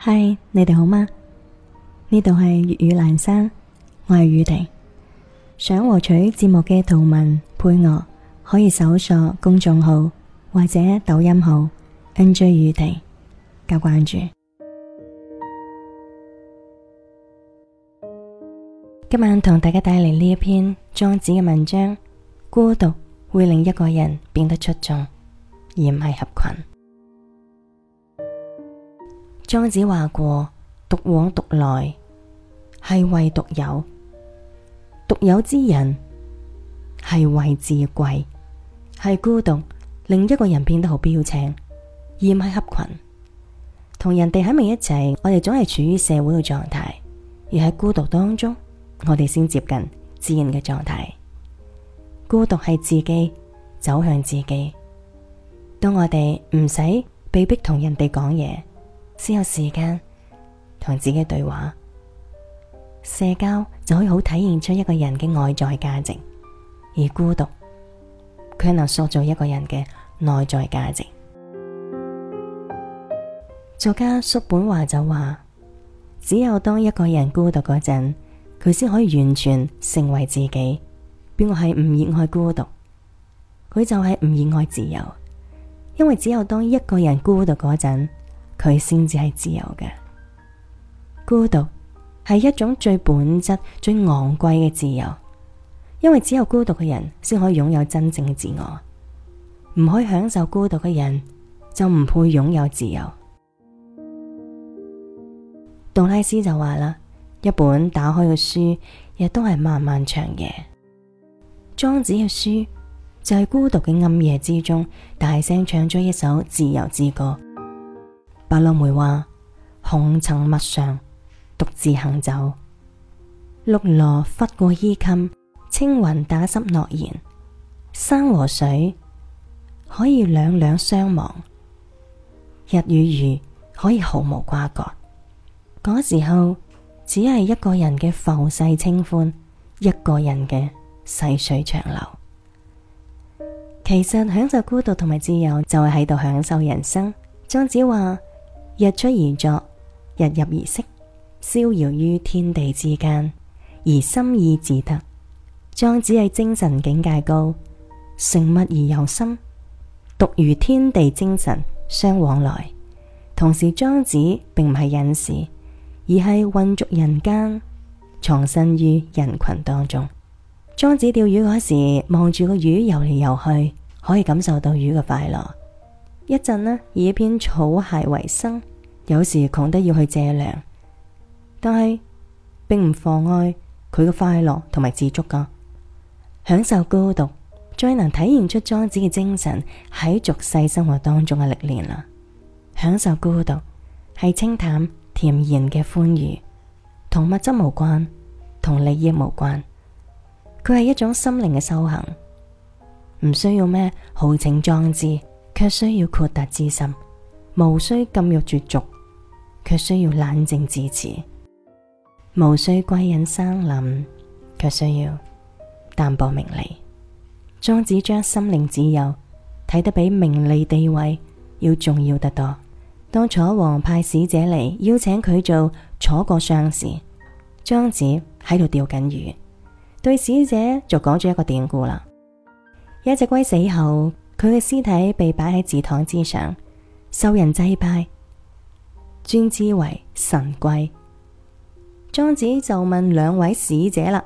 嗨，Hi, 你哋好嗎？呢度係粵語蘭山，我係宇婷。想獲取節目嘅圖文配樂，可以搜索公眾號或者抖音號 NJ 宇婷加關注。今晚同大家帶嚟呢一篇莊子嘅文章，孤獨會令一個人變得出眾，而唔係合群。莊子話過：獨往獨來係謂獨有，獨有之人係謂至貴，係孤獨令一個人變得好標青，而唔係合群。同人哋喺埋一齊，我哋總係處於社會嘅狀態；而喺孤獨當中，我哋先接近自然嘅狀態。孤獨係自己走向自己，當我哋唔使被逼同人哋講嘢。先有時間同自己對話，社交就可以好體現出一個人嘅外在價值；而孤獨，佢能塑造一個人嘅內在價值。作家叔本華就話：只有當一個人孤獨嗰陣，佢先可以完全成為自己。邊個係唔熱愛孤獨？佢就係唔熱愛自由，因為只有當一個人孤獨嗰陣。佢先至係自由嘅，孤獨係一種最本質、最昂貴嘅自由，因為只有孤獨嘅人先可以擁有真正嘅自我，唔可以享受孤獨嘅人就唔配擁有自由。杜拉斯就話啦：一本打開嘅書，亦都係漫漫長夜。莊子嘅書就係孤獨嘅暗夜之中，大聲唱咗一首自由之歌。白落梅話：紅塵陌上，獨自行走；綠蘿拂過衣襟，青雲打濕諾言。山和水可以兩兩相忘，日與月可以毫無瓜葛。嗰時候，只係一個人嘅浮世清歡，一個人嘅細水長流。其實享受孤獨同埋自由，就係喺度享受人生。莊子話。日出而作，日入而息，逍遙於天地之間，而心意自得。莊子係精神境界高，乘物以游心，獨與天地精神相往來。同時，莊子並唔係隱士，而係混俗人間，藏身於人群當中。莊子釣魚嗰時，望住個魚游嚟游去，可以感受到魚嘅快樂。一陣咧，以一片草鞋為生，有時窮得要去借糧，但係並唔妨礙佢嘅快樂同埋自足噶。享受孤獨，最能體現出莊子嘅精神喺俗世生活當中嘅歷練啦。享受孤獨係清淡恬然嘅歡愉，同物質無關，同利益無關。佢係一種心靈嘅修行，唔需要咩豪情壯志。卻需要豁達之心，無需禁欲絕俗；卻需要冷靜自持，無需歸隱山林；卻需要淡泊名利。莊子將心靈自由睇得比名利地位要重要得多。當楚王派使者嚟邀請佢做楚國相時，莊子喺度釣緊魚，對使者就講咗一個典故啦：一隻龜死後。佢嘅屍體被擺喺祠堂之上，受人祭拜，尊之為神龜。莊子就問兩位使者啦：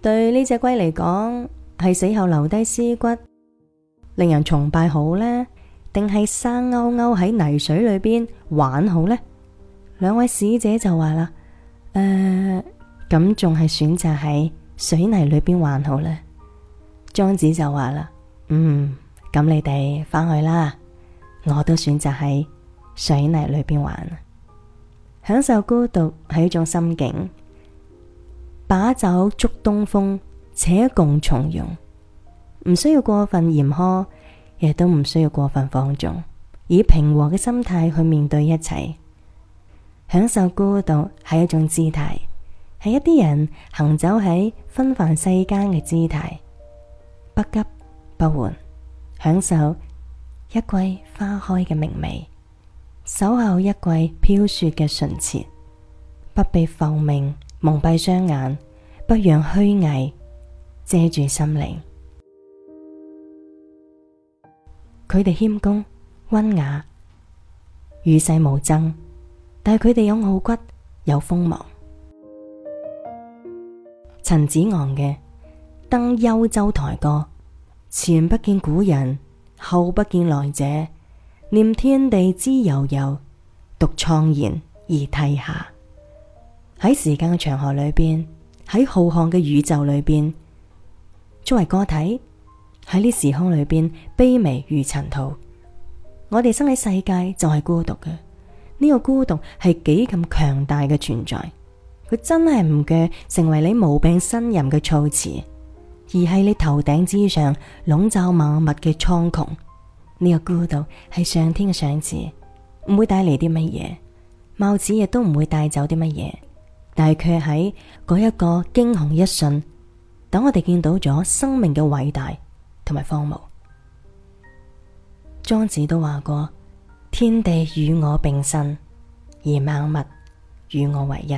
對呢隻龜嚟講，係死後留低屍骨，令人崇拜好呢？定係生勾勾喺泥水裏邊玩好呢？」兩位使者就話啦：誒、呃，咁仲係選擇喺水泥裏邊玩好呢？」莊子就話啦：嗯。咁你哋翻去啦，我都選擇喺水泥裏邊玩。享受孤獨係一種心境。把酒祝東風，且共從容。唔需要過分嚴苛，亦都唔需要過分放縱，以平和嘅心態去面對一切。享受孤獨係一種姿態，係一啲人行走喺紛繁世間嘅姿態，不急不緩。享受一季花開嘅明媚，守候一季飄雪嘅純澈，不被浮名蒙蔽雙眼，不讓虛偽遮住心靈。佢哋謙恭溫雅，與世無爭，但佢哋有傲骨，有鋒芒。陳子昂嘅《登幽州台歌》。前不見古人，後不見來者。念天地之悠悠，獨愴然而涕下。喺時間嘅長河裏邊，喺浩瀚嘅宇宙裏邊，作為個體喺呢時空裏邊，卑微如塵土。我哋生喺世界就係孤獨嘅，呢、這個孤獨係幾咁強大嘅存在。佢真係唔懼成為你無病呻吟嘅措辭。而喺你頭頂之上籠罩萬物嘅蒼穹，呢、這個孤獨係上天嘅賞賜，唔會帶嚟啲乜嘢，帽子亦都唔會帶走啲乜嘢，但係卻喺嗰一個驚鴻一瞬，等我哋見到咗生命嘅偉大同埋荒蕪。莊子都話過：天地與我並生，而萬物與我為一。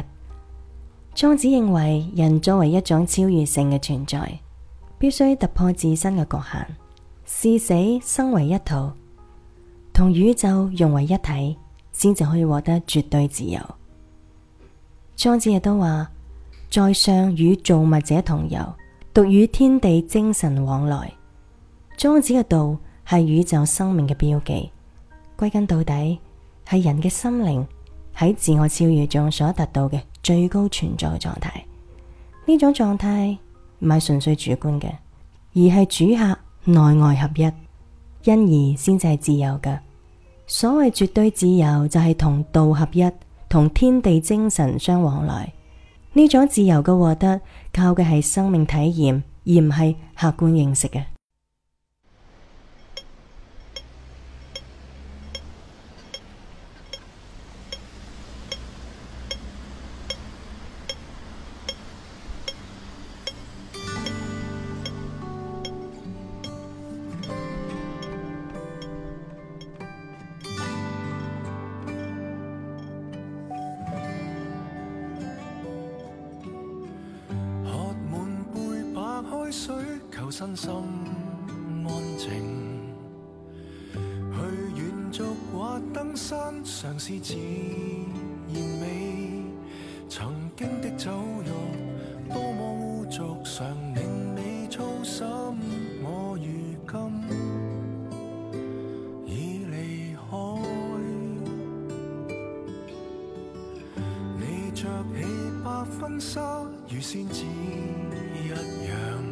莊子認為人作為一種超越性嘅存在。必須突破自身嘅局限，視死生為一途，同宇宙融為一體，先至可以獲得絕對自由。莊子亦都話：在上與造物者同遊，獨與天地精神往來。莊子嘅道係宇宙生命嘅標記，歸根到底係人嘅心靈喺自我超越中所達到嘅最高存在嘅狀態。呢種狀態。唔係純粹主觀嘅，而係主客內外合一，因而先至係自由嘅。所謂絕對自由，就係同道合一，同天地精神相往來。呢種自由嘅獲得，靠嘅係生命體驗，而唔係客觀認識嘅。身心安靜，去遠足或登山，嘗試自然美。曾經的酒肉，多麼污濁，常令你操心。我如今已離開，你着起白婚紗，如仙子一樣。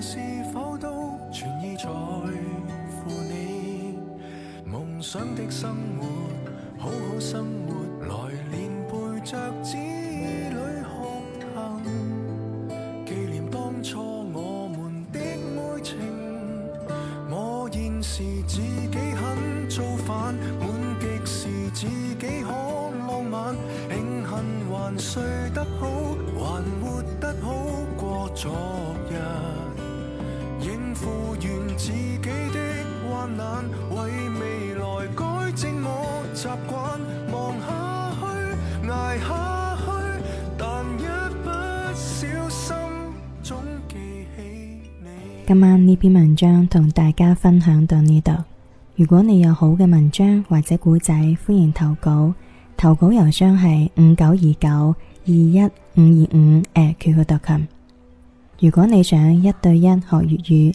是否都全意在乎你？夢想的生活，好好生活，來年陪着子女學行，紀念當初我們的愛情。我現時自己肯做飯，滿極時自己可浪漫，慶幸還睡得好，還活得好過昨日。完自己的患難為未來改正，我習慣，望下去，挨下去，但一不小心，總記起你。今晚呢篇文章同大家分享到呢度。如果你有好嘅文章或者故仔，歡迎投稿。投稿郵箱係五九二九二一五二五。誒，QQ 特琴。如果你想一對一學粵語。